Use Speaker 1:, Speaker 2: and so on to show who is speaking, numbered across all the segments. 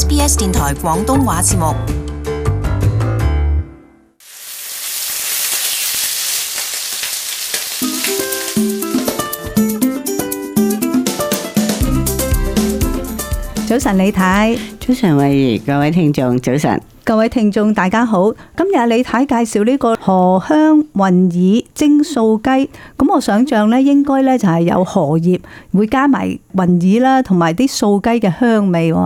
Speaker 1: SBS 電台廣東話節目。早晨，李太。早晨，喂，各位聽眾早晨，各位聽眾大家好。今日李太介紹呢個荷香雲耳蒸素雞，咁我想象咧應該咧就係有荷葉會加埋雲耳啦，同埋啲素雞嘅香味。係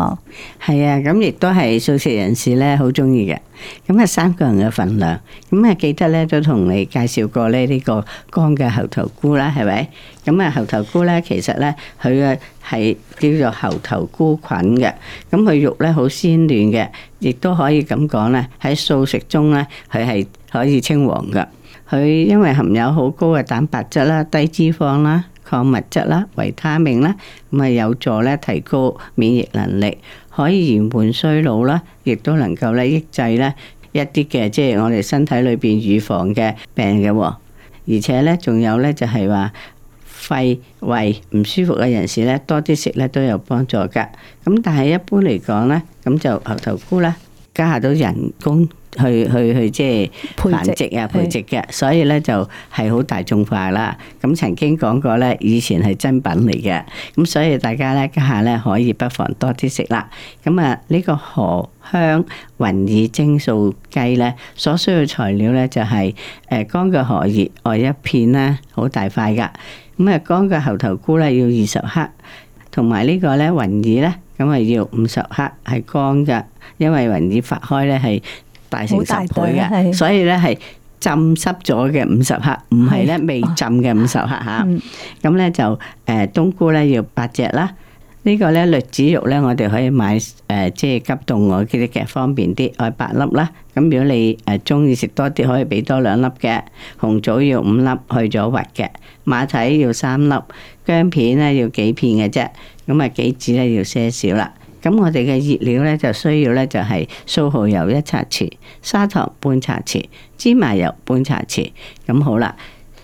Speaker 1: 啊，咁亦都係素食人士咧好中意嘅。咁啊，三個人嘅份量。
Speaker 2: 咁啊，記得咧都同你介紹過咧呢個乾嘅猴頭菇啦，係咪？咁啊，猴頭菇咧，其實咧佢嘅係叫做猴頭菇菌嘅。咁佢肉咧好鮮嫩嘅，亦都可以咁講咧，喺素食中咧，佢係可以稱王嘅。佢因為含有好高嘅蛋白質啦、低脂肪啦、礦物質啦、維他命啦，咁啊有助咧提高免疫能力。可以延緩衰老啦，亦都能夠抑制咧一啲嘅，即係我哋身體裏邊預防嘅病嘅。而且咧，仲有咧就係話肺胃唔舒服嘅人士咧，多啲食咧都有幫助噶。咁但係一般嚟講咧，咁就猴頭菇啦，家下都人工。去去去，即係繁殖啊，培植嘅，所以咧就係好大眾化啦。咁曾經講過咧，以前係珍品嚟嘅，咁所以大家咧家下咧可以不妨多啲食啦。咁啊，呢個荷香雲耳蒸素雞咧，所需要材料咧就係誒乾嘅荷葉外一片啦，好大塊噶。咁啊，乾嘅猴頭菇咧要二十克，同埋呢個咧雲耳咧，咁啊要五十克係乾嘅，因為雲耳發開咧係。大成十倍嘅，所以咧係浸濕咗嘅五十克，唔係咧未浸嘅五十克吓。咁咧就誒冬菇咧要八隻啦。呢個咧栗子肉咧，我哋可以買誒，即係急凍我嘅，方便啲，可以八粒啦。咁如果你誒中意食多啲，可以俾多兩粒嘅。紅棗要五粒去咗核嘅，馬蹄要三粒，薑片咧要幾片嘅啫。咁啊杞子咧要些少啦。咁我哋嘅熱料呢，就需要呢就係素蠔油一茶匙、砂糖半茶匙、芝麻油半茶匙，咁好啦。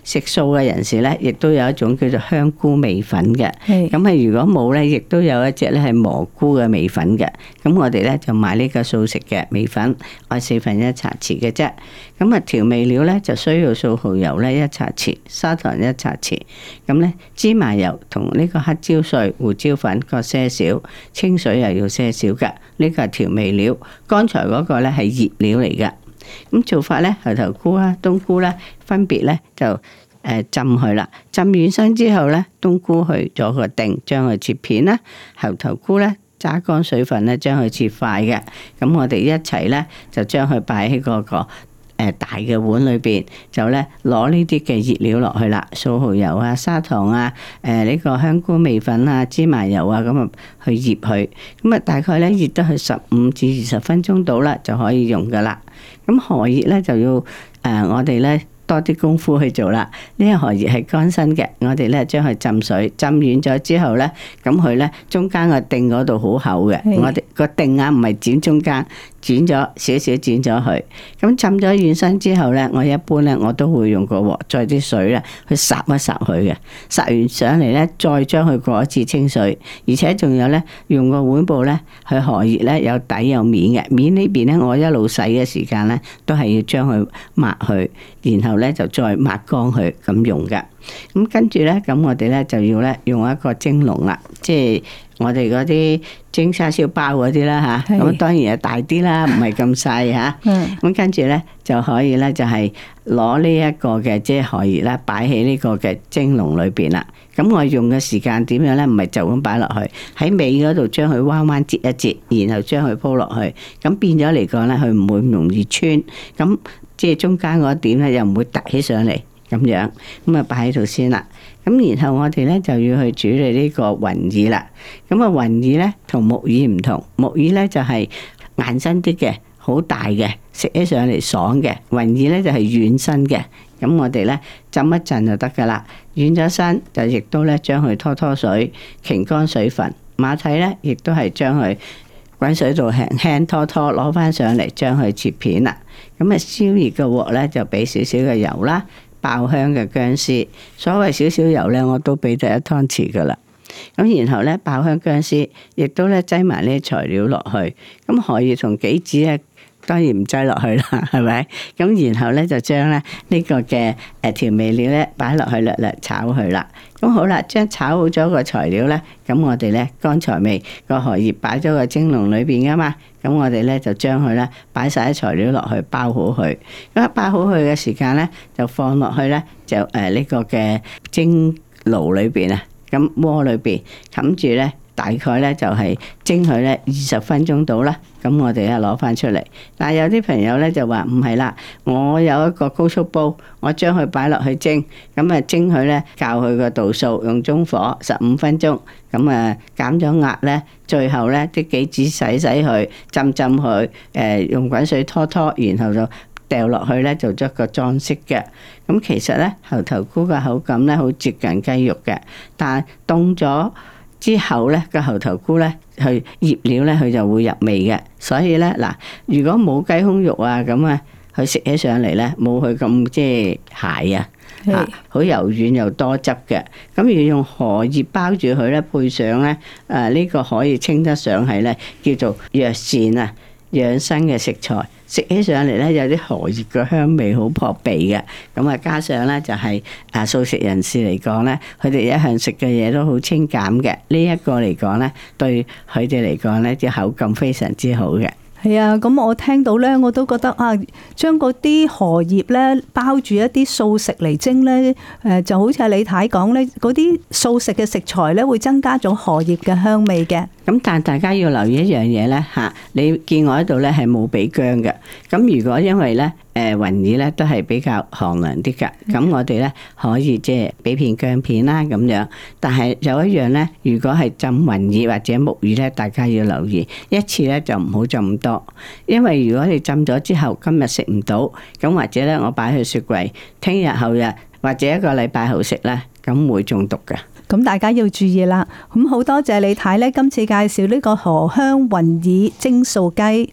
Speaker 2: 食素嘅人士咧，亦都有一種叫做香菇味粉嘅。咁啊，如果冇咧，亦都有一隻咧係蘑菇嘅味粉嘅。咁我哋咧就買呢個素食嘅味粉，按四分一茶匙嘅啫。咁啊，調味料咧就需要素蠔油咧一茶匙，砂糖一茶匙。咁咧，芝麻油同呢個黑椒碎、胡椒粉各些少，清水又要些少嘅。呢個係調味料。剛才嗰個咧係醃料嚟嘅。咁做法咧，猴頭菇啦、冬菇啦，分別咧就誒浸佢啦。浸完身之後咧，冬菇去咗個定，將佢切片啦；猴頭菇咧，揸乾水分咧，將佢切塊嘅。咁我哋一齊咧就將佢擺喺嗰個大嘅碗裏邊，就咧攞、那個呃、呢啲嘅熱料落去啦，素蠔油啊、砂糖啊、誒、呃、呢、呢個香菇味粉啊、芝麻油啊，咁啊去醃佢。咁啊大概咧醃得去十五至二十分鐘到啦，就可以用噶啦。咁荷葉咧就要誒、呃，我哋咧多啲功夫去做啦。呢個荷葉係乾身嘅，我哋咧將佢浸水，浸軟咗之後咧，咁佢咧中間個的定嗰度好厚嘅，我哋個定啊唔係剪中間。剪咗少少，剪咗佢。咁浸咗完身之後咧，我一般咧我都會用個鑊再啲水咧去殺一殺佢嘅。殺完上嚟咧，再將佢過一次清水，而且仲有咧用個碗布咧去荷葉咧有底有面嘅面邊呢邊咧，我一路洗嘅時間咧都係要將佢抹去，然後咧就再抹乾佢咁用嘅。咁跟住咧，咁我哋咧就要咧用一個蒸籠是啦，即係我哋嗰啲蒸叉燒包嗰啲啦吓。咁當然係大啲啦，唔係咁細吓。咁跟住咧就可以咧，就係、是、攞呢一個嘅即係荷葉啦，擺喺呢個嘅蒸籠裏邊啦。咁我用嘅時間點樣咧？唔係就咁擺落去，喺尾嗰度將佢彎彎折一折，然後將佢鋪落去，咁變咗嚟講咧，佢唔會容易穿。咁即係中間嗰一點咧，又唔會凸起上嚟。咁樣咁啊，擺喺度先啦。咁然後我哋咧就要去處理呢個雲耳啦。咁啊，雲耳咧同木耳唔同，木耳咧就係硬身啲嘅，好大嘅食起上嚟爽嘅。雲耳咧就係軟身嘅，咁我哋咧浸一陣就得噶啦。軟咗身就亦都咧將佢拖拖水，擎乾水分。馬蹄咧亦都係將佢滾水度輕輕拖拖攞翻上嚟，將佢切片啦。咁啊，燒熱嘅鑊咧就俾少少嘅油啦。爆香嘅薑絲，所謂少少油咧，我都俾咗一湯匙噶啦。咁然後咧，爆香薑絲，亦都咧擠埋呢啲材料落去，咁可以同杞子咧。當然唔擠落去啦，係咪？咁然後咧就將咧呢個嘅誒調味料咧擺落去略略炒佢啦。咁好啦，將炒好咗個材料咧，咁我哋咧剛才未個荷葉擺咗個蒸籠裏邊噶嘛。咁我哋咧就將佢咧擺晒啲材料落去包好佢。咁包好佢嘅時間咧就放落去咧就誒呢、呃呢個嘅蒸爐裏邊啊，咁鍋裏邊冚住咧。大概咧就係蒸佢咧二十分鐘到啦，咁我哋咧攞翻出嚟。但係有啲朋友咧就話唔係啦，我有一個高速煲，我將佢擺落去蒸，咁啊蒸佢咧較佢個度數，用中火十五分鐘，咁啊減咗壓咧，最後咧啲杞子洗洗佢，浸浸佢，誒用滾水拖拖，然後就掉落去咧做咗個裝飾嘅。咁其實咧猴頭菇嘅口感咧好接近雞肉嘅，但係凍咗。之後咧，個猴頭菇咧，佢醃料咧，佢就會入味嘅。所以咧，嗱，如果冇雞胸肉啊咁啊，佢食起上嚟咧，冇佢咁即係蟹啊，好柔軟又多汁嘅。咁如用荷葉包住佢咧，配上咧，誒、啊、呢、呢個可以稱得上係咧，叫做藥膳啊。養生嘅食材食起上嚟咧，有啲荷葉嘅香味好撲鼻嘅，咁啊加上咧就係啊素食人士嚟講咧，佢哋一向食嘅嘢都好清減嘅，呢一個嚟講咧，對佢哋嚟講咧，啲口感非常之好嘅。
Speaker 1: 係啊，咁我聽到呢，我都覺得啊，將嗰啲荷葉呢包住一啲素食嚟蒸呢，誒就好似係李太講呢，嗰啲素食嘅食材呢會增加咗荷葉嘅香味嘅。咁但係大家要留意一樣
Speaker 2: 嘢呢嚇，你見我喺度呢係冇俾薑嘅。咁如果因為呢。誒雲耳咧都係比較寒涼啲㗎，咁我哋咧可以即係俾片薑片啦咁樣。但係有一樣咧，如果係浸雲耳或者木耳咧，大家要留意一次咧就唔好浸咁多，因為如果你浸咗之後今日食唔到，咁或者咧我擺去雪櫃，聽日後日或者一個禮拜後食咧，咁會中毒
Speaker 1: 㗎。咁大家要注意啦。咁好多謝李太咧，今次介紹呢個荷香雲耳蒸素雞。